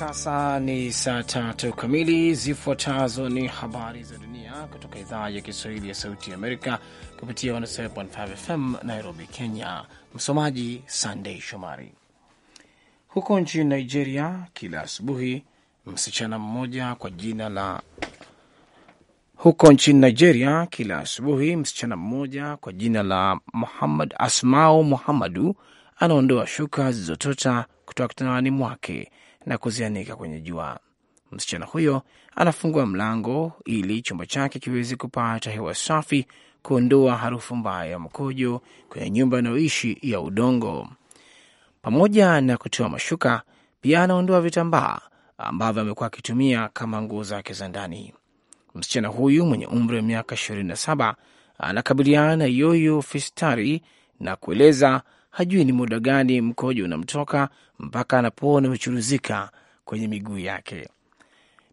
sasa ni saa tatu kamili. Zifuatazo ni habari za dunia kutoka idhaa ya Kiswahili ya Sauti ya Amerika kupitia 107.5 FM Nairobi, Kenya. Msomaji Sandei Shomari. Huko nchini Nigeria, kila asubuhi msichana mmoja kwa jina la huko nchini Nigeria, kila asubuhi msichana mmoja kwa jina la Muhammad Asmau Muhammadu anaondoa shuka zilizotota kutoka kitandani mwake na kuzianika kwenye jua. Msichana huyo anafungua mlango ili chumba chake kiweze kupata hewa safi, kuondoa harufu mbaya ya mkojo kwenye nyumba anayoishi ya udongo. Pamoja na kutoa mashuka, pia anaondoa vitambaa ambavyo amekuwa akitumia kama nguo zake za ndani. Msichana huyu mwenye umri wa miaka ishirini na saba anakabiliana na yoyo fistari na kueleza hajui ni muda gani mkojo unamtoka mpaka anapoona umechuruzika kwenye miguu yake.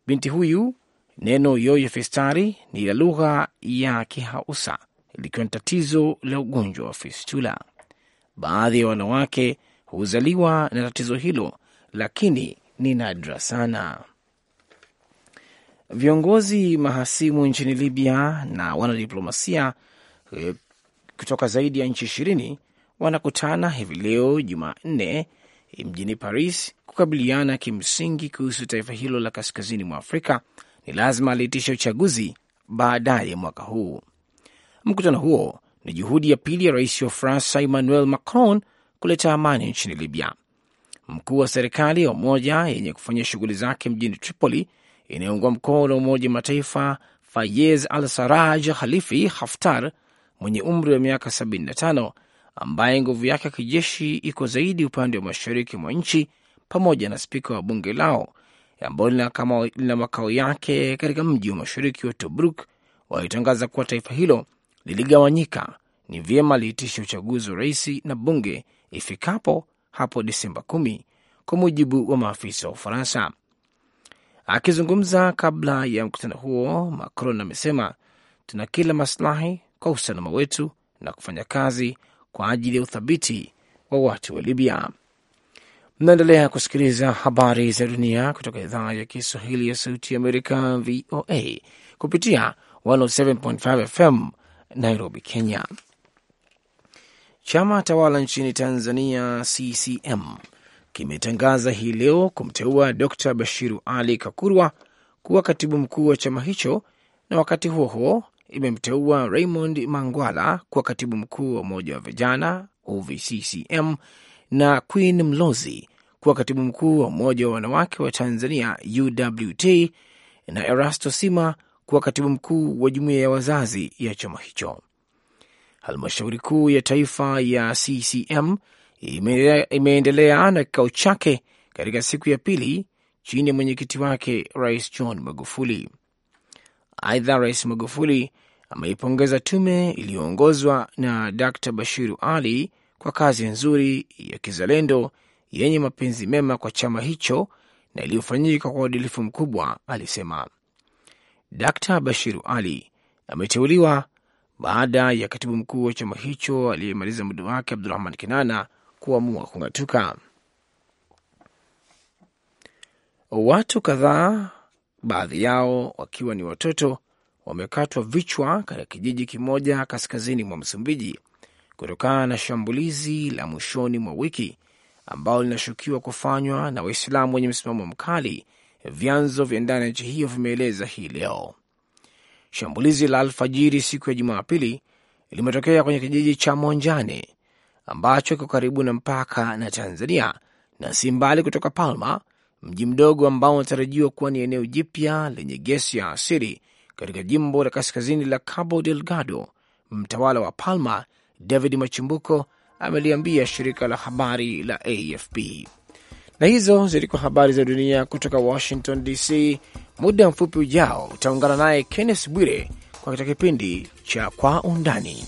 Binti huyu, neno yoyo fistari ni la lugha ya Kihausa, likiwa ni tatizo la ugonjwa wa fistula. Baadhi ya wanawake huzaliwa na tatizo hilo, lakini ni nadra sana. Viongozi mahasimu nchini Libya na wanadiplomasia eh, kutoka zaidi ya nchi ishirini wanakutana hivi leo Jumanne eh, mjini Paris kukabiliana kimsingi kuhusu taifa hilo la kaskazini mwa Afrika ni lazima aliitisha uchaguzi baadaye mwaka huu. Mkutano huo ni juhudi ya pili ya rais wa Ufaransa Emmanuel Macron kuleta amani nchini Libya. Mkuu wa serikali ya umoja yenye kufanya shughuli zake mjini Tripoli inayoungwa mkono na Umoja Mataifa, Fayez al Saraj Khalifi Haftar mwenye umri wa miaka 75 ambaye nguvu yake ya kijeshi iko zaidi upande wa mashariki mwa nchi, pamoja na spika wa bunge lao ambao lina makao yake katika mji wa mashariki wa Tobruk, walitangaza kuwa taifa hilo liligawanyika, ni vyema liitishe uchaguzi wa rais na bunge ifikapo hapo disemba kumi, kwa mujibu wa maafisa wa Ufaransa. Akizungumza kabla ya mkutano huo, Macron amesema tuna kila maslahi kwa usalama wetu na kufanya kazi kwa ajili ya uthabiti wa watu wa Libya. Mnaendelea kusikiliza habari za dunia kutoka idhaa ya Kiswahili ya Sauti ya Amerika, VOA, kupitia 107.5 FM Nairobi, Kenya. Chama tawala nchini Tanzania, CCM, kimetangaza hii leo kumteua Dr Bashiru Ali Kakurwa kuwa katibu mkuu wa chama hicho, na wakati huo huo imemteua Raymond Mangwala kuwa katibu mkuu wa Umoja wa Vijana UVCCM na Queen Mlozi kuwa katibu mkuu wa Umoja wa Wanawake wa Tanzania UWT na Erasto Sima kuwa katibu mkuu wa Jumuiya ya Wazazi ya chama hicho. Halmashauri Kuu ya Taifa ya CCM imeendelea na kikao chake katika siku ya pili chini ya mwenyekiti wake Rais John Magufuli. Aidha, Rais Magufuli ameipongeza tume iliyoongozwa na Dr Bashiru Ali kwa kazi nzuri ya kizalendo yenye mapenzi mema kwa chama hicho na iliyofanyika kwa uadilifu mkubwa, alisema. Dr Bashiru Ali ameteuliwa baada ya katibu mkuu wa chama hicho aliyemaliza muda wake Abdurahman Kinana kuamua kung'atuka. Watu kadhaa baadhi yao wakiwa ni watoto, wamekatwa vichwa katika kijiji kimoja kaskazini mwa Msumbiji kutokana na shambulizi la mwishoni mwa wiki ambalo linashukiwa kufanywa na Waislamu wenye msimamo mkali, vyanzo vya ndani ya nchi hiyo vimeeleza hii leo. Shambulizi la alfajiri siku ya Jumapili limetokea kwenye kijiji cha Monjane ambacho kiko karibu na mpaka na Tanzania na si mbali kutoka Palma, mji mdogo ambao unatarajiwa kuwa ni eneo jipya lenye gesi ya asili katika jimbo la kaskazini la Cabo Delgado. Mtawala wa Palma David Machimbuko ameliambia shirika la habari la AFP. Na hizo zilikuwa habari za dunia kutoka Washington DC. Muda mfupi ujao utaungana naye Kenneth Bwire katika kipindi cha Kwa Undani.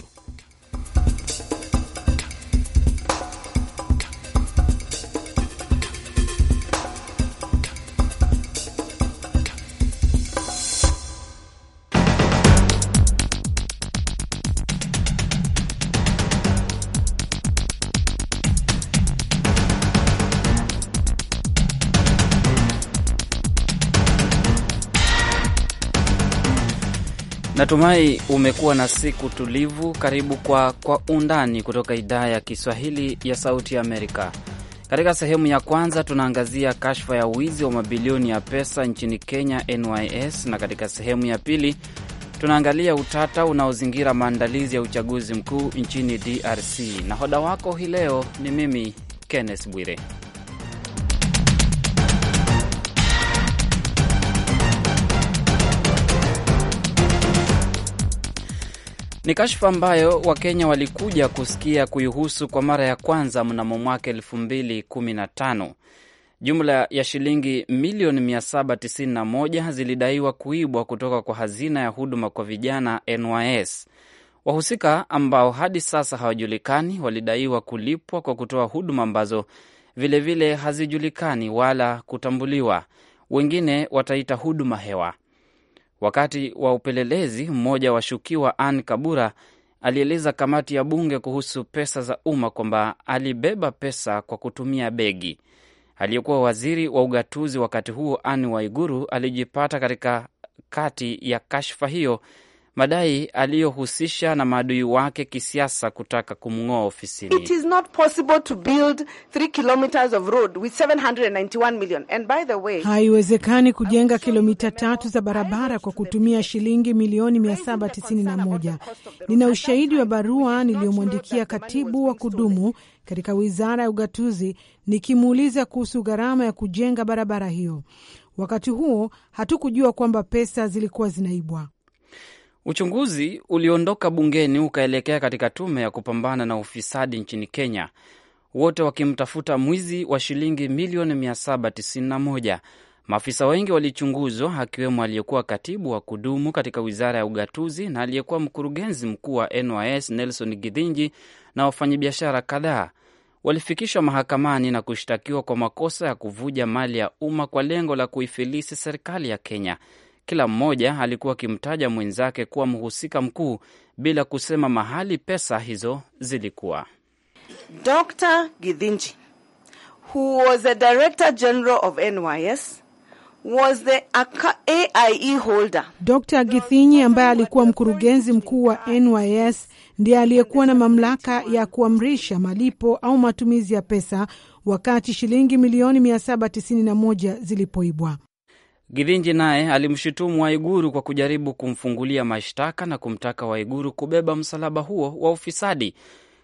Natumai umekuwa na siku tulivu. Karibu kwa Kwa Undani kutoka idhaa ya Kiswahili ya Sauti Amerika. Katika sehemu ya kwanza tunaangazia kashfa ya wizi wa mabilioni ya pesa nchini Kenya, NYS, na katika sehemu ya pili tunaangalia utata unaozingira maandalizi ya uchaguzi mkuu nchini DRC. hoda wako hii leo ni mimi Kenneth Bwire. Ni kashfa ambayo Wakenya walikuja kusikia kuihusu kwa mara ya kwanza mnamo mwaka 2015. Jumla ya shilingi milioni 791 zilidaiwa kuibwa kutoka kwa hazina ya huduma kwa vijana NYS. Wahusika ambao hadi sasa hawajulikani walidaiwa kulipwa kwa kutoa huduma ambazo vilevile vile hazijulikani wala kutambuliwa. Wengine wataita huduma hewa. Wakati wa upelelezi, mmoja wa shukiwa Ann Kabura alieleza kamati ya bunge kuhusu pesa za umma kwamba alibeba pesa kwa kutumia begi. Aliyekuwa waziri wa ugatuzi wakati huo Ann Waiguru alijipata katika kati ya kashfa hiyo madai aliyohusisha na maadui wake kisiasa kutaka kumng'oa ofisini. It is not possible to build 3 kilometers of road with 791 million. And by the way, haiwezekani kujenga kilomita tatu za barabara kwa kutumia shilingi milioni 791. Nina ushahidi wa barua niliyomwandikia katibu wa kudumu katika wizara ya ugatuzi nikimuuliza kuhusu gharama ya kujenga barabara hiyo. Wakati huo hatukujua kwamba pesa zilikuwa zinaibwa. Uchunguzi uliondoka bungeni ukaelekea katika tume ya kupambana na ufisadi nchini Kenya, wote wakimtafuta mwizi wa shilingi milioni 791. Maafisa wengi walichunguzwa, akiwemo aliyekuwa katibu wa kudumu katika wizara ya ugatuzi na aliyekuwa mkurugenzi mkuu wa NYS Nelson Githinji, na wafanyabiashara kadhaa walifikishwa mahakamani na kushtakiwa kwa makosa ya kuvuja mali ya umma kwa lengo la kuifilisi serikali ya Kenya. Kila mmoja alikuwa akimtaja mwenzake kuwa mhusika mkuu bila kusema mahali pesa hizo zilikuwa. Dr. Githinji, who was the Director General of NYS, was the AIE holder. Dr. Githinji ambaye alikuwa mkurugenzi mkuu wa NYS ndiye aliyekuwa na mamlaka ya kuamrisha malipo au matumizi ya pesa wakati shilingi milioni 791 zilipoibwa. Githinji naye alimshutumu Waiguru kwa kujaribu kumfungulia mashtaka na kumtaka Waiguru kubeba msalaba huo wa ufisadi.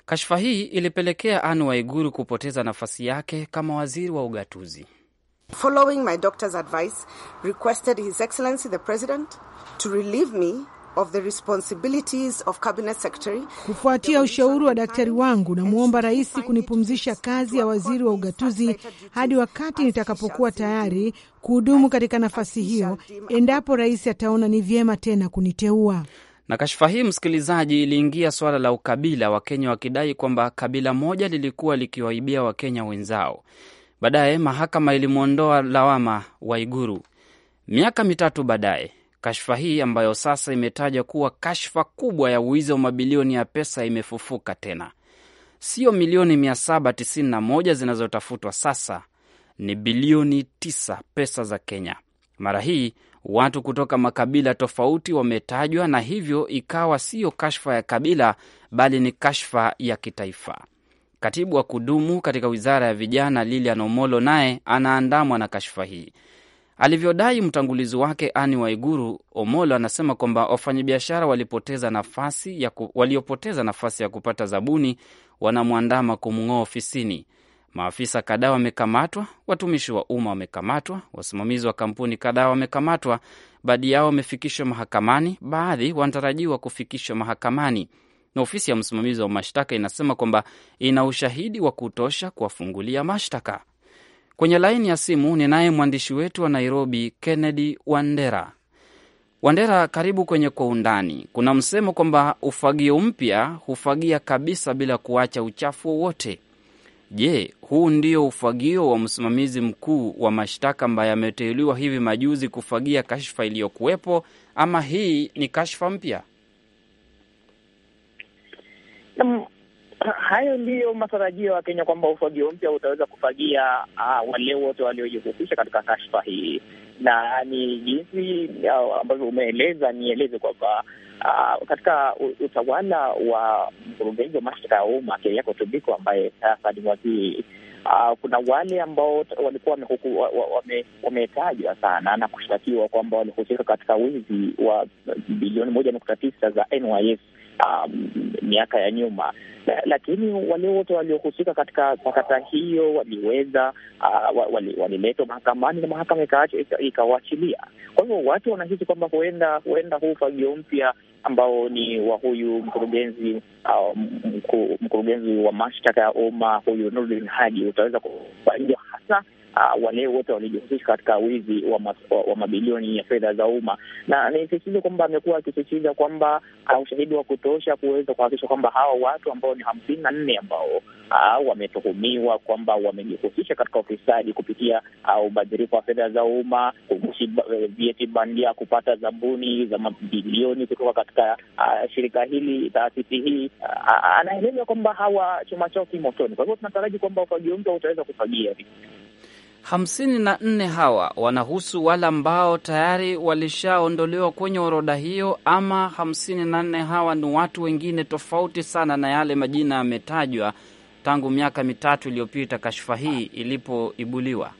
Kashfa hii ilipelekea Anne Waiguru kupoteza nafasi yake kama waziri wa ugatuzi. Following my doctor's advice requested his excellency the president to relieve me of the responsibilities of cabinet secretary. Kufuatia ushauri wa daktari wangu, namwomba rais kunipumzisha kazi ya waziri wa ugatuzi hadi wakati nitakapokuwa tayari kuhudumu katika nafasi hiyo, endapo rais ataona ni vyema tena kuniteua. Na kashfa hii, msikilizaji, iliingia suala la ukabila, Wakenya wakidai kwamba kabila moja lilikuwa likiwaibia Wakenya wenzao. Baadaye mahakama ilimwondoa lawama Waiguru. Miaka mitatu baadaye Kashfa hii ambayo sasa imetajwa kuwa kashfa kubwa ya wizi wa mabilioni ya pesa imefufuka tena. Sio milioni 791 zinazotafutwa sasa, ni bilioni 9 pesa za Kenya. Mara hii watu kutoka makabila tofauti wametajwa, na hivyo ikawa siyo kashfa ya kabila, bali ni kashfa ya kitaifa. Katibu wa kudumu katika wizara ya vijana Lilian Omolo naye anaandamwa na kashfa hii alivyodai mtangulizi wake Ani Waiguru Omolo anasema kwamba wafanyabiashara walipoteza nafasi ya ku, waliopoteza nafasi ya kupata zabuni wanamwandama kumng'oa ofisini. Maafisa kadhaa wamekamatwa, watumishi wa umma wamekamatwa, wasimamizi wa kampuni kadhaa wamekamatwa, baadhi yao wamefikishwa mahakamani, baadhi wanatarajiwa kufikishwa mahakamani. Na ofisi ya msimamizi wa mashtaka inasema kwamba ina ushahidi wa kutosha kuwafungulia mashtaka. Kwenye laini ya simu ninaye mwandishi wetu wa Nairobi, Kennedy Wandera. Wandera, karibu kwenye Kwa Undani. Kuna msemo kwamba ufagio mpya hufagia kabisa bila kuacha uchafu wowote. Je, huu ndio ufagio wa msimamizi mkuu wa mashtaka ambaye ameteuliwa hivi majuzi kufagia kashfa iliyokuwepo, ama hii ni kashfa mpya? hayo ndiyo matarajio ya Kenya kwamba ufagio mpya utaweza kufagia uh, wale wote waliojihusisha katika kashfa hii, na ni jinsi ah, ambavyo umeeleza. Nieleze kwamba uh, katika utawala wa mkurugenzi wa mashtaka ya umma Keriako Tobiko ambaye sasa ni waziri Uh, kuna wale ambao walikuwa wametajwa wame sana na kushtakiwa kwamba walihusika katika wizi wa bilioni moja nukta tisa za NYS um, miaka ya nyuma lakini wale wote waliohusika katika sakata hiyo waliweza uh, waliletwa mahakamani na mahakama ikawaachilia. Kwa hivyo watu wanahisi kwamba huenda huenda huu ufagio mpya ambao ni wa huyu mkurugenzi uh, mku, mkurugenzi wa mashtaka ya umma huyu Nurdin Haji utaweza kufanywa hasa uh, wale wote walijihusisha katika wizi wa, ma, wa, wa mabilioni ya fedha za umma, na nisisitize kwamba amekuwa akisisitiza kwamba ana ah, ushahidi wa kutosha kuweza kuhakikisha kwamba hawa watu ambao ni hamsini na nne ambao uh, wametuhumiwa kwamba wamejihusisha katika ufisadi kupitia uh, ubadhirifu wa fedha za umma, kugushi eh, vyeti bandia, kupata zabuni za mabilioni kutoka katika uh, shirika hili, taasisi hii uh, anaeleza kwamba hawa chuma chao kimotoni. Kwa hivyo tunataraji kwamba ufagio mpya utaweza kufagia Hamsini na nne hawa wanahusu wale ambao tayari walishaondolewa kwenye orodha hiyo, ama hamsini na nne hawa ni watu wengine tofauti sana na yale majina yametajwa tangu miaka mitatu iliyopita kashfa hii ilipoibuliwa?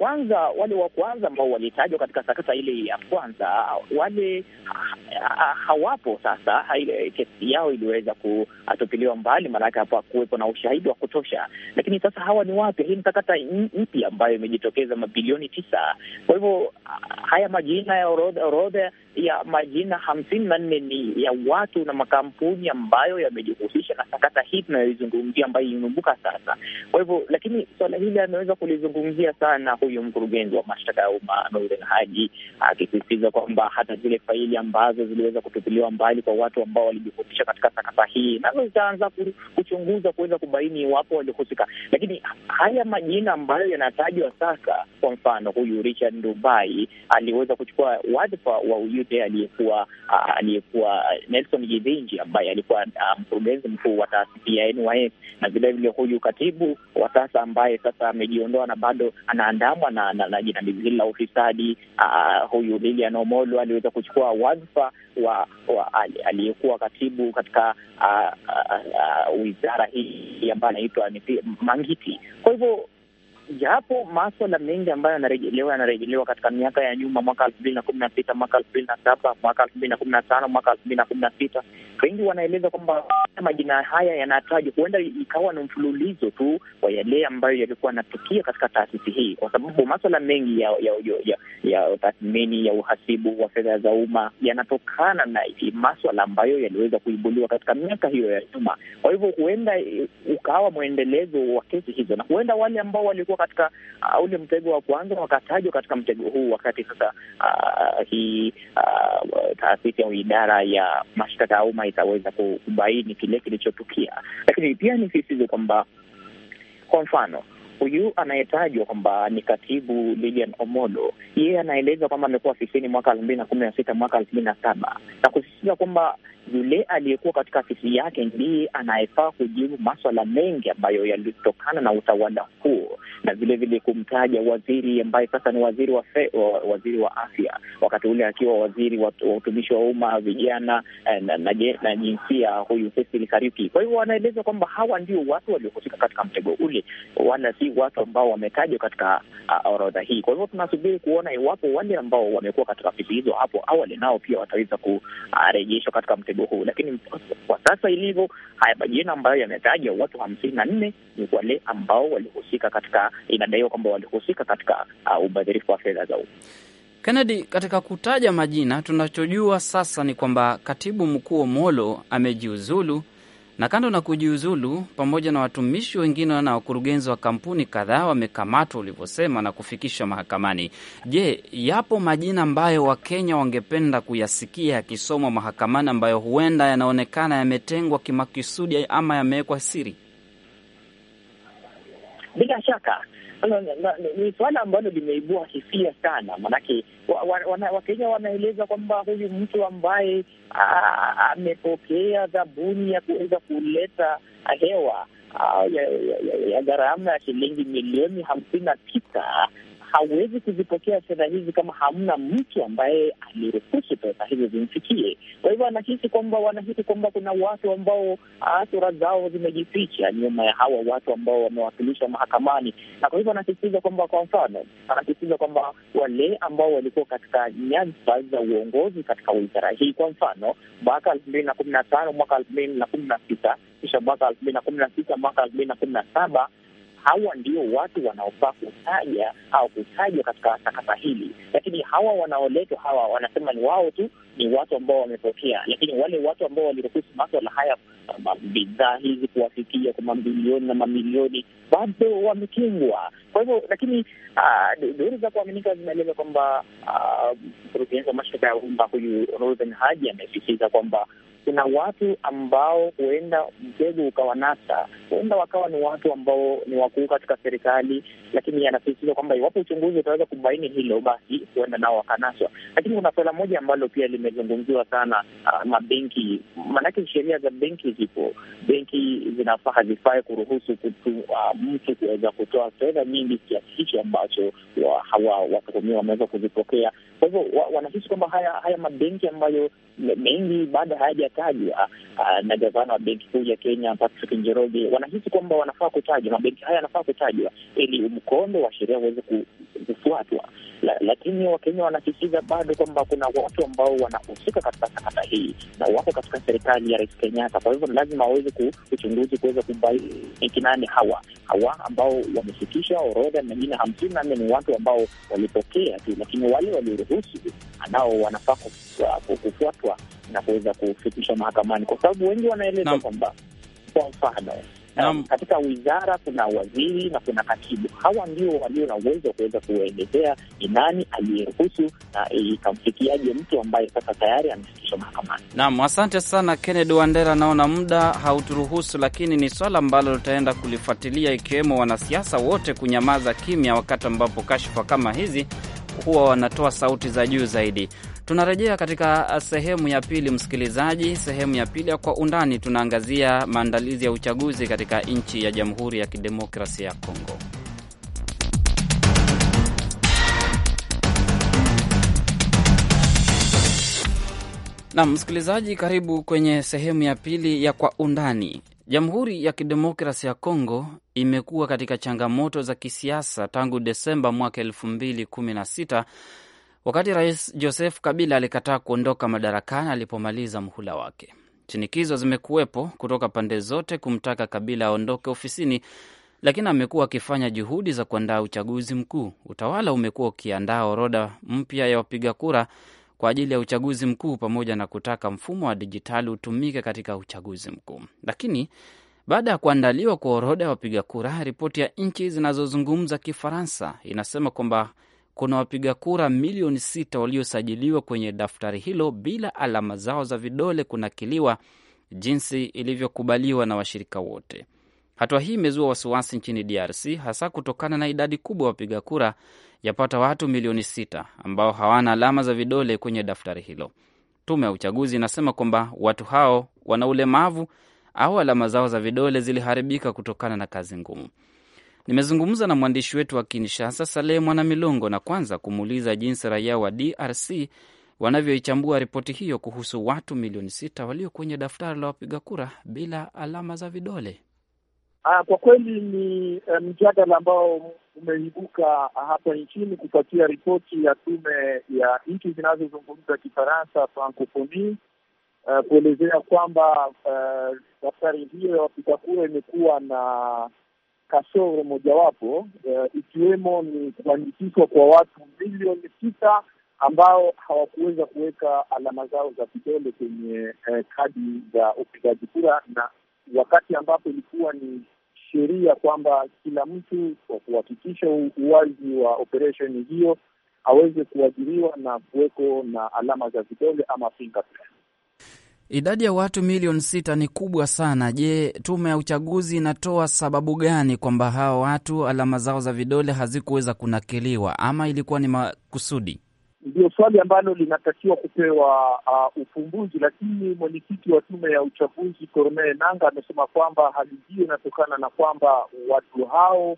kwanza wale wa kwanza ambao walitajwa katika sakata ile ya kwanza wale hawapo sasa. Kesi yao iliweza kutupiliwa mbali, maanake hapo kuwepo na ushahidi wa kutosha. Lakini sasa hawa ni wapya, hii ni sakata mpya ambayo imejitokeza, mabilioni tisa. Kwa hivyo haya majina ya orodha, orodha ya majina hamsini na nne ni ya watu na makampuni ambayo yamejihusisha na sakata hii tunayoizungumzia ambayo imeumbuka sasa. Kwa hivyo, lakini suala hili ameweza kulizungumzia sana huyo mkurugenzi wa mashtaka ya umma Noordin Haji akisisitiza kwamba hata zile faili ambazo ziliweza kutupiliwa mbali kwa watu ambao walijihusisha katika sakata hii nazo zitaanza kuchunguza kuweza kubaini iwapo walihusika. Lakini haya majina ambayo yanatajwa sasa, kwa mfano huyu Richard Ndubai aliweza kuchukua wadhifa wa Uyute aliyekuwa aliyekuwa Nelson Githinji ambaye alikuwa mkurugenzi mkuu wa taasisi ya NYS na vilevile huyu katibu wa sasa ambaye sasa amejiondoa na bado anaandamwa kuandamwa na, na, na jinamizi hili la ufisadi. Uh, huyu Lilian Omolo aliweza kuchukua wadhifa wa, wa aliyekuwa katibu katika uh, uh, uh, wizara hii ambayo anaitwa Mangiti. Kwa hivyo japo maswala mengi ambayo yanarejelewa yanarejelewa katika miaka ya nyuma, mwaka elfu mbili na kumi na sita mwaka elfu mbili na saba mwaka elfu mbili na kumi na tano mwaka elfu mbili na kumi na sita Wengi wanaeleza kwamba majina haya yanatajwa, huenda ikawa ni mfululizo tu wa yale ambayo yalikuwa yanatukia katika taasisi hii, kwa sababu maswala mengi ya ya tathmini ya uhasibu wa fedha za umma yanatokana na maswala ambayo yaliweza kuibuliwa katika miaka hiyo ya nyuma. Kwa hivyo, huenda ukawa mwendelezo wa kesi hizo na huenda wale ambao walikuwa katika uh, ule mtego wa kwanza, wakatajwa katika mtego huu, wakati sasa uh, hii uh, taasisi au idara ya mashtaka ya umma itaweza kubaini kile kilichotukia. Lakini pia nisisitize kwamba kwa mfano Huyu anayetajwa kwamba ni katibu Lilian Omolo, yeye anaeleza kwamba amekuwa afisini mwaka elfu mbili na kumi na sita mwaka elfu mbili na saba na kusisitiza kwamba yule aliyekuwa katika afisi yake ndiye anayefaa kujibu maswala mengi ambayo yalitokana na utawala huo, na vilevile kumtaja waziri ambaye sasa ni waziri wa, fe, wa waziri wa afya, wakati ule akiwa waziri wa utumishi wa umma, vijana eh, na, na, na jinsia, huyu Cecily Kariuki. Kwa hivyo wanaeleza kwamba hawa ndio watu waliohusika katika mtego ule, wala si watu ambao wametajwa katika uh, orodha hii. Kwa hivyo tunasubiri kuona iwapo wale ambao wamekuwa katika viti hizo hapo awali nao pia wataweza kurejeshwa uh, katika mtego huu, lakini kwa sasa ilivyo, haya majina ambayo yametajwa watu hamsini na nne ni wale ambao walihusika katika, inadaiwa kwamba walihusika katika uh, ubadhirifu wa fedha za umma. Kennedy, katika kutaja majina tunachojua sasa ni kwamba katibu mkuu Omolo amejiuzulu na kando na kujiuzulu, pamoja na watumishi wengine na wakurugenzi wa kampuni kadhaa wamekamatwa ulivyosema na kufikishwa mahakamani. Je, yapo majina ambayo Wakenya wangependa kuyasikia yakisomwa mahakamani ambayo huenda yanaonekana yametengwa kimakusudi ama yamewekwa siri? Bila shaka ni suala ambalo limeibua hisia sana, maanake Wakenya wanaeleza kwamba huyu mtu ambaye amepokea zabuni ya kuweza kuleta hewa ya gharama ya shilingi milioni hamsini na tisa hawezi kuzipokea fedha hizi kama hamna mtu ambaye aliruhusu pesa hizo zimfikie. Kwa hivyo anahisi kwamba wanahisi kwamba kuna watu ambao ah, sura zao zimejificha nyuma ya hawa watu ambao wamewakilishwa mahakamani, na kwa hivyo anasisitiza kwamba, kwa mfano, anasisitiza kwamba wale ambao walikuwa katika nyadhifa za uongozi katika wizara hii, kwa mfano mwaka elfu mbili na kumi na tano mwaka elfu mbili na kumi na sita kisha mwaka elfu mbili na kumi na sita mwaka elfu mbili na kumi na saba hawa ndio watu wanaofaa kutaja au kutajwa katika sakata hili, lakini hawa wanaoletwa hawa wanasema ni wao tu ni watu ambao wamepokea, lakini wale watu ambao waliruhusu maswala haya bidhaa hizi kuwafikia kwa mamilioni na mamilioni bado wamekingwa. Kwa hivyo lakini ah, duru za kuaminika zinaeleza kwamba ah, mkurugenzi wa mashtaka ya umma huyu Reuben Haji amesisitiza kwamba kuna watu ambao huenda mtego ukawanasa, huenda wakawa ni watu ambao ni wakuu katika serikali, lakini anasisitiza kwamba iwapo uchunguzi utaweza kubaini hilo, basi huenda nao wakanaswa. Lakini kuna suala moja ambalo pia limezungumziwa sana, ah, mabenki. Maanake sheria za benki zipo, benki zinafaa hazifai kuruhusu kutu, uh, mtu kuweza kutoa fedha nyingi kikatili kiasi hicho ambacho hawa watuhumiwa wameweza kuzipokea. Kwa hivyo wanahisi kwamba haya haya mabenki ambayo mengi bado hayajatajwa ah, ah, na gavana wa benki kuu ya Kenya Patrick Njoroge, wanahisi kwamba wanafaa kutajwa, mabenki haya yanafaa kutajwa ili mkondo wa sheria uweze kufuatwa. La, lakini Wakenya wanasisitiza bado kwamba kuna watu ambao wanahusika katika sakata hii na wako katika serikali ya Rais Kenyatta. Kwa hivyo lazima waweze uchunguzi kuweza kubaini kinani hawa hawa ambao wamefikisha orodha na jina hamsini na nne ni watu ambao walipokea tu, lakini wale walioruhusu nao wanafaa kufuatwa na kuweza kufikishwa mahakamani, kwa sababu wengi wanaeleza kwamba kwa mfano Um, katika wizara kuna waziri na kuna katibu. Hawa ndio walio na uwezo wa kuweza kuelezea ni nani aliyeruhusu na ikamfikiaje mtu ambaye sasa tayari amefikishwa mahakamani. Naam, asante sana Kennedy Wandera, naona muda hauturuhusu, lakini ni swala ambalo tutaenda kulifuatilia, ikiwemo wanasiasa wote kunyamaza kimya wakati ambapo kashfa kama hizi huwa wanatoa sauti za juu zaidi. Tunarejea katika uh, sehemu ya pili, msikilizaji. Sehemu ya pili ya Kwa Undani tunaangazia maandalizi ya uchaguzi katika nchi ya Jamhuri ya Kidemokrasia ya Kongo. Nam msikilizaji, karibu kwenye sehemu ya pili ya Kwa Undani. Jamhuri ya Kidemokrasi ya Kongo imekuwa katika changamoto za kisiasa tangu Desemba mwaka elfu mbili kumi na sita wakati Rais Joseph Kabila alikataa kuondoka madarakani alipomaliza mhula wake. Shinikizo zimekuwepo kutoka pande zote kumtaka Kabila aondoke ofisini, lakini amekuwa akifanya juhudi za kuandaa uchaguzi mkuu. Utawala umekuwa ukiandaa orodha mpya ya wapiga kura kwa ajili ya uchaguzi mkuu pamoja na kutaka mfumo wa dijitali utumike katika uchaguzi mkuu. Lakini baada ya kuandaliwa kwa orodha ya wapiga kura, ripoti ya nchi zinazozungumza Kifaransa inasema kwamba kuna wapiga kura milioni sita waliosajiliwa kwenye daftari hilo bila alama zao za vidole kunakiliwa jinsi ilivyokubaliwa na washirika wote. Hatua hii imezua wasiwasi nchini DRC, hasa kutokana na idadi kubwa ya wapiga kura yapata watu milioni sita ambao hawana alama za vidole kwenye daftari hilo. Tume ya uchaguzi inasema kwamba watu hao wana ulemavu au alama zao za vidole ziliharibika kutokana na kazi ngumu. Nimezungumza na mwandishi wetu wa Kinshasa, Saleh Mwanamilongo, Milongo, na kwanza kumuuliza jinsi raia wa DRC wanavyoichambua ripoti hiyo kuhusu watu milioni sita walio kwenye daftari la wapiga kura bila alama za vidole. Aa, ah, kwa kweli ni eh, mjadala ambao umeibuka hapa nchini kupatia ripoti ya tume ya nchi zinazozungumza Kifaransa, Francophonie, uh, kuelezea kwamba uh, daftari hiyo ya wapiga kura imekuwa na kasoro mojawapo uh, ikiwemo ni kuandikishwa kwa watu milioni sita ambao hawakuweza kuweka alama zao za vidole kwenye eh, kadi za upigaji kura, na wakati ambapo ilikuwa ni sheria kwamba kila mtu kwa kuhakikisha uwazi wa operesheni hiyo aweze kuajiriwa na kuweko na alama za vidole ama fingerprint. Idadi ya watu milioni sita ni kubwa sana. Je, tume ya uchaguzi inatoa sababu gani kwamba hawa watu alama zao za vidole hazikuweza kunakiliwa ama ilikuwa ni makusudi? Ndio swali ambalo linatakiwa kupewa uh, ufumbuzi, lakini mwenyekiti wa tume ya uchaguzi Corneille nanga amesema kwamba hali hiyo inatokana na kwamba watu hao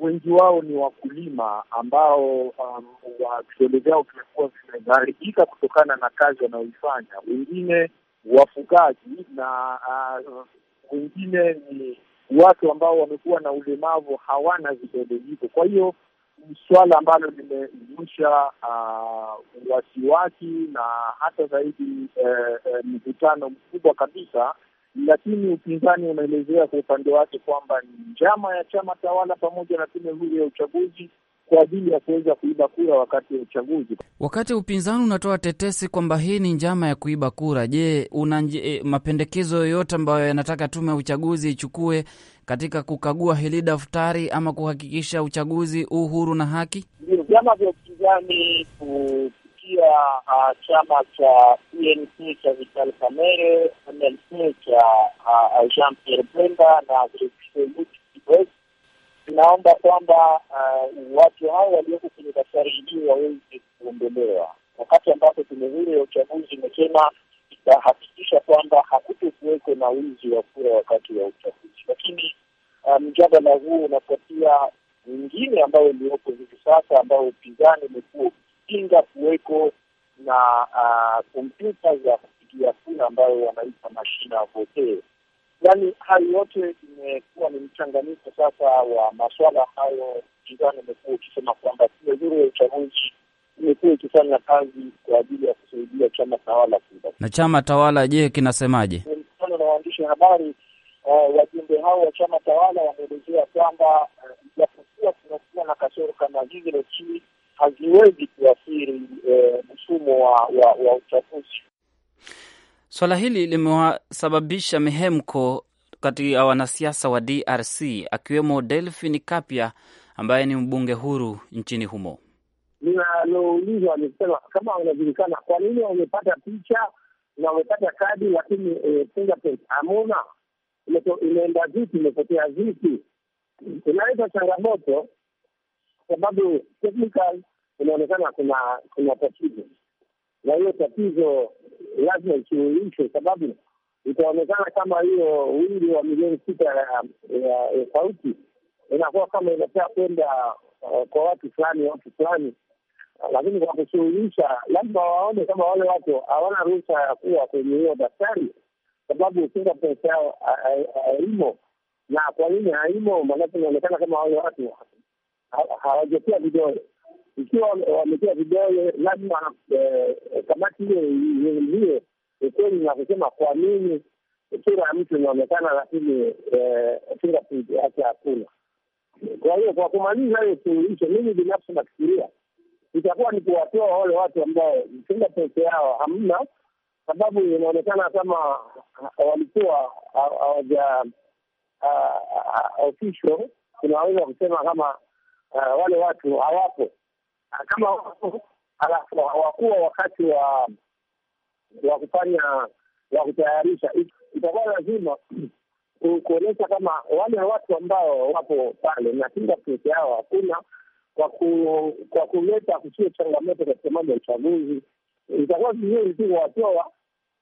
wengi wao ni wakulima ambao um, wa vidole vyao vimekuwa vimeharibika kutokana na kazi wanayoifanya. Wengine wafugaji na uh, wengine ni watu ambao wamekuwa na ulemavu, hawana vidole hivyo. Kwa hiyo ni suala ambalo limezusha uh, wasiwasi na hata zaidi uh, uh, mvutano eh, mkubwa kabisa, lakini upinzani unaelezea kwa upande wake kwamba ni njama ya chama tawala pamoja na tume huru ya uchaguzi kwa ajili ya kuweza kuiba kura wakati wa uchaguzi. Wakati upinzani unatoa tetesi kwamba hii ni njama ya kuiba kura, je, una eh, mapendekezo yoyote ambayo yanataka tume ya uchaguzi ichukue katika kukagua hili daftari ama kuhakikisha uchaguzi uhuru na haki? Ndio vyama vya upinzani kupitia uh, chama cha UNC cha Vital Kamerhe, MLC cha uh, ah, Jean Pierre Bemba na tunaomba kwamba uh, watu hao walioko kwenye daftari hili waweze kuondolewa, wakati ambapo tume huru ya uchaguzi imesema itahakikisha kwamba hakuto kuweko na wizi wa kura wakati wa uchaguzi. Lakini uh, mjadala um, huo unafuatia mwingine ambayo iliyoko hivi sasa, ambao upinzani umekuwa ukipinga kuweko na uh, kompyuta za kupigia kura ambayo wanaita mashina ya vote Yani hayo yote imekuwa ni mchanganyiko sasa wa maswala hayo. Pinzani imekuwa ikisema kwamba tume huru ya uchaguzi imekuwa ikifanya kazi kwa ajili ya kusaidia chama tawala kuda. Na chama tawala je, kinasemaje? Mkutano na waandishi habari, eh, wajumbe hao wa chama tawala wameelezea kwamba ijapokuwa eh, kunakuwa na kasoro kama hizi, lakini haziwezi kuathiri eh, mfumo wa uchaguzi Swala hili limewasababisha mihemko kati ya wanasiasa wa DRC akiwemo Delphin Kapia ambaye ni mbunge huru nchini humo. Linaloulizwa amesema kama wanajulikana, kwa nini wamepata picha na wamepata kadi, lakini e, hamuna imeenda vipi, imepotea vipi? Inaleta changamoto kwa sababu technical inaonekana kuna kuna tatizo, na hiyo tatizo lazima isuluhishwe, sababu itaonekana kama hiyo wingi wa milioni sita ya sauti inakuwa kama inapea kwenda uh, kwa watu fulani, watu fulani, lakini kwa kusuluhisha lazima waone kama wale watu hawana ruhusa ya kuwa kwenye hiyo daftari, sababu fingerprint yao haimo. Na kwa nini haimo? Maanake inaonekana kama wale watu hawajatia vidole ikiwa wametia vidole, lazima eh, kamati hiyo izungumzie ukweli na kusema kwa nini sura ya mtu inaonekana, lakini fingerprint eh, yake hakuna. Kwa hiyo kwa kumaliza hiyo suluhisho, mimi binafsi nafikiria itakuwa ni kuwatoa wale watu ambao fingerprint yao hamna, sababu inaonekana kama walikuwa hawaja official. Tunaweza kusema kama eh, wale watu hawapo kama alafu hawakuwa wakati wa wa kufanya wa kutayarisha, itakuwa lazima kuonyesha kama wale watu ambao wapo pale na kinga peke yao hakuna, kwa ku, kwa kuleta kusio changamoto katika mambo ya uchaguzi. Itakuwa vizuri tu kuwatoa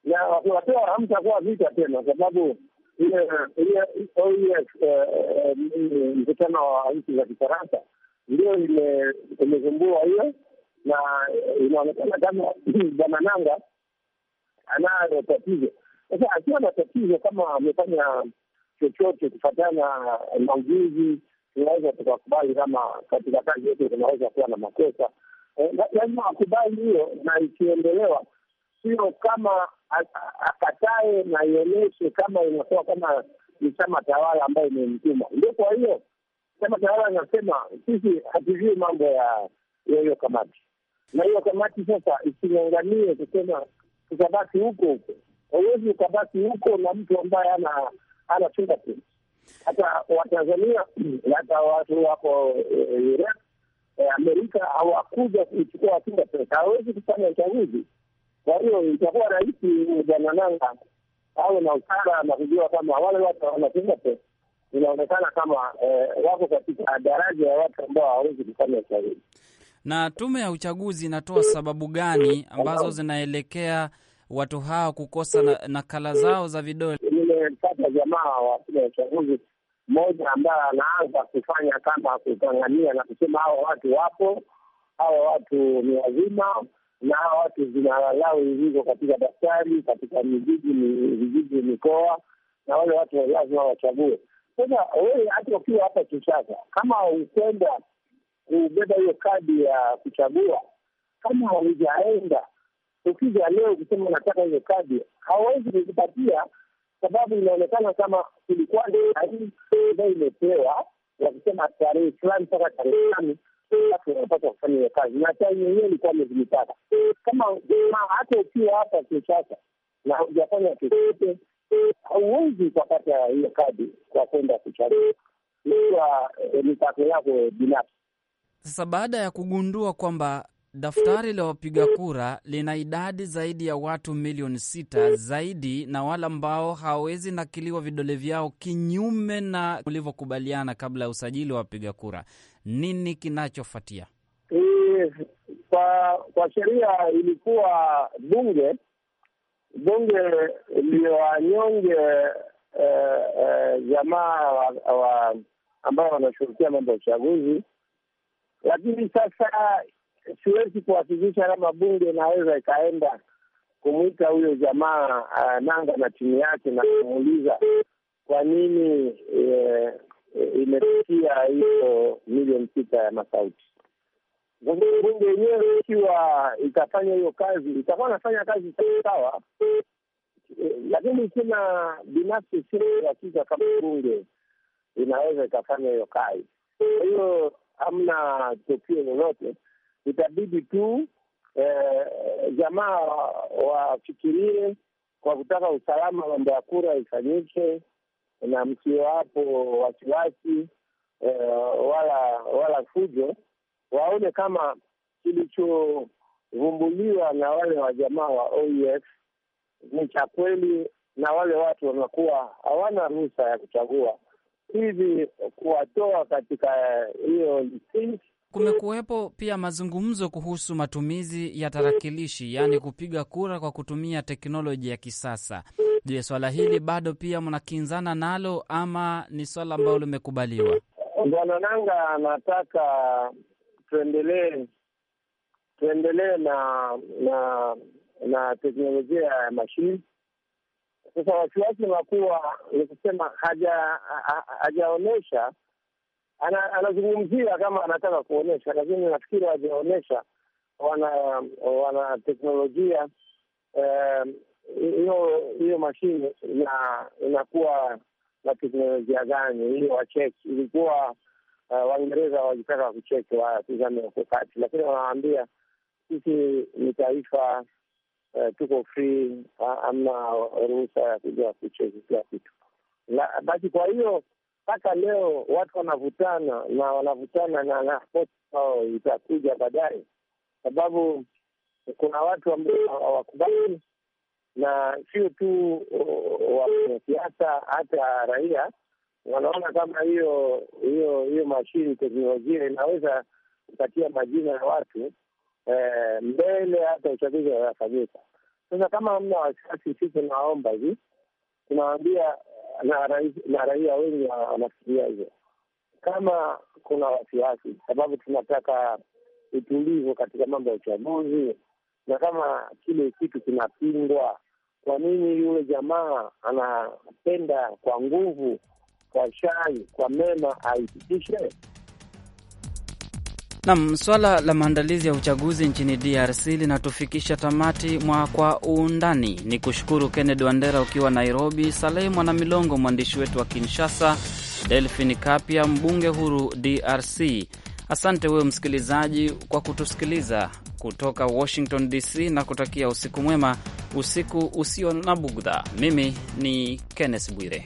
na wakiwatoa hamtakuwa vita tena, kwa sababu eh, eh, mkutano wa nchi za Kifaransa ndio imezumbua hiyo, na inaonekana kama bwana Nanga anayo tatizo. Sasa akiwa na tatizo kama amefanya chochote kufatana na ujuzi, tunaweza tukakubali kama katika kazi yetu tunaweza kuwa na makosa, eh, lazima akubali hiyo, na ikiendelewa sio kama akatae na ionyeshe kama inakuwa kama ni chama tawala ambayo imemtuma. Ndio kwa hiyo chama tawala anasema sisi hatujui mambo ya hiyo kamati, na hiyo kamati sasa ising'ang'anie kusema tukabaki huko huko. Hauwezi ukabaki huko na mtu ambaye ana ana tu Hata Watanzania, hata watu wako eh, eh, Iraq, eh, Amerika hawakuja kuchukua pesa, hawezi kufanya uchaguzi. Kwa hiyo itakuwa rahisi bwana Nanga awe na usara na kujua kama wale watu hawana pesa inaonekana kama eh, wako katika daraja ya watu ambao hawawezi kufanya uchaguzi. Na tume ya uchaguzi inatoa sababu gani ambazo zinaelekea watu hao kukosa na, nakala zao za vidole? Nimepata jamaa wa tume ya uchaguzi mmoja ambaye anaanza kufanya kama kutangania na kusema hawa watu wapo, hawa watu ni wazima na hawa watu zina Lawi ziko katika daftari katika mijiji vijiji, mikoa na wale watu lazima wachague sasa wewe hata ukiwa hapa Kinshasa, kama ukwenda kubeba hiyo kadi ya kuchagua, kama haujaenda ukija leo ukisema unataka hiyo kadi, hawawezi kukupatia, sababu inaonekana kama kulikuwa ndio imepewa kusema tarehe fulani mpaka tarehe fulani unapaswa kufanya hiyo kazi, na time yenyewe ilikuwa miezi mitatu. Kama hata ukiwa hapa Kinshasa na hujafanya chochote hauwezi ukapata hiyo kadi kwa kwenda kuchagua ikiwa mipako eh, yako binafsi. Sasa baada ya kugundua kwamba daftari la wapiga kura lina idadi zaidi ya watu milioni sita zaidi na wale ambao hawawezi nakiliwa vidole vyao kinyume na ulivyokubaliana kabla ya usajili wa wapiga kura, nini kinachofuatia? E, kwa, kwa sheria ilikuwa bunge bunge liwanyonge jamaa eh, eh, wa, wa ambao wanashughulikia mambo ya uchaguzi, lakini sasa siwezi kuhakikisha kama bunge inaweza ikaenda kumwita huyo jamaa uh, nanga na timu yake na kumuuliza kwa nini eh, eh imefikia hiyo milioni sita ya masauti. Gombea bunge yenyewe ikiwa itafanya hiyo kazi, itakuwa nafanya kazi sawa, lakini sina binafsi, sina uhakika kama bunge inaweza ikafanya hiyo kazi. Kwa hiyo hamna tukio lolote, itabidi tu eh, jamaa wafikirie kwa kutaka usalama, mambo ya kura ifanyike na msio hapo wasiwasi eh, wala wala fujo waone kama kilichovumbuliwa na wale wa jamaa wa OEF ni cha kweli, na wale watu wamekuwa hawana ruhusa ya kuchagua hivi kuwatoa katika eh, hiyo uh, Kumekuwepo pia mazungumzo kuhusu matumizi ya tarakilishi, yaani kupiga kura kwa kutumia teknoloji ya kisasa. Je, swala hili bado pia mnakinzana nalo ama ni swala ambalo limekubaliwa? Bwana Nanga anataka tuendelee tuendelee na na na teknolojia ya mashine. Sasa wasiwasi unakuwa ni kusema, hajaonyesha ana, anazungumzia kama anataka kuonyesha, lakini nafikiri hajaonyesha wana wana teknolojia hiyo eh, hiyo mashine ina, inakuwa na teknolojia gani hiyo. Wacheki ilikuwa Eh, Waingereza wajitaka kucheki watizame huko kati, lakini wanawaambia sisi ni taifa uh, tuko free, amna ruhusa ya kuja kucheki kila kitu. Basi kwa hiyo mpaka leo watu wanavutana na wanavutana na napoti ao itakuja baadaye, sababu kuna watu ambao hawakubali, na sio tu uh, siasa hata raia wanaona kama hiyo hiyo hiyo mashini teknolojia inaweza kupatia majina ya watu eh, mbele hata uchaguzi wanafanyika. Sasa kama hamna wasiwasi, si tunaomba hivi, tunawambia eh, na raia wengi wanafikiria hivyo, kama kuna wasiwasi, sababu tunataka utulivu katika mambo ya uchaguzi, na kama kile kitu kinapingwa, kwa nini yule jamaa anapenda kwa nguvu kwa shari, kwa mema aipitishe. Nam, swala la maandalizi ya uchaguzi nchini DRC linatufikisha tamati mwa kwa undani. Ni kushukuru Kennedy Wandera ukiwa Nairobi, Salehi Mwanamilongo mwandishi wetu wa Kinshasa, delphin Kapia mbunge huru DRC. Asante wewe msikilizaji kwa kutusikiliza kutoka Washington DC na kutakia usiku mwema, usiku usio na bugdha. Mimi ni Kenneth Bwire.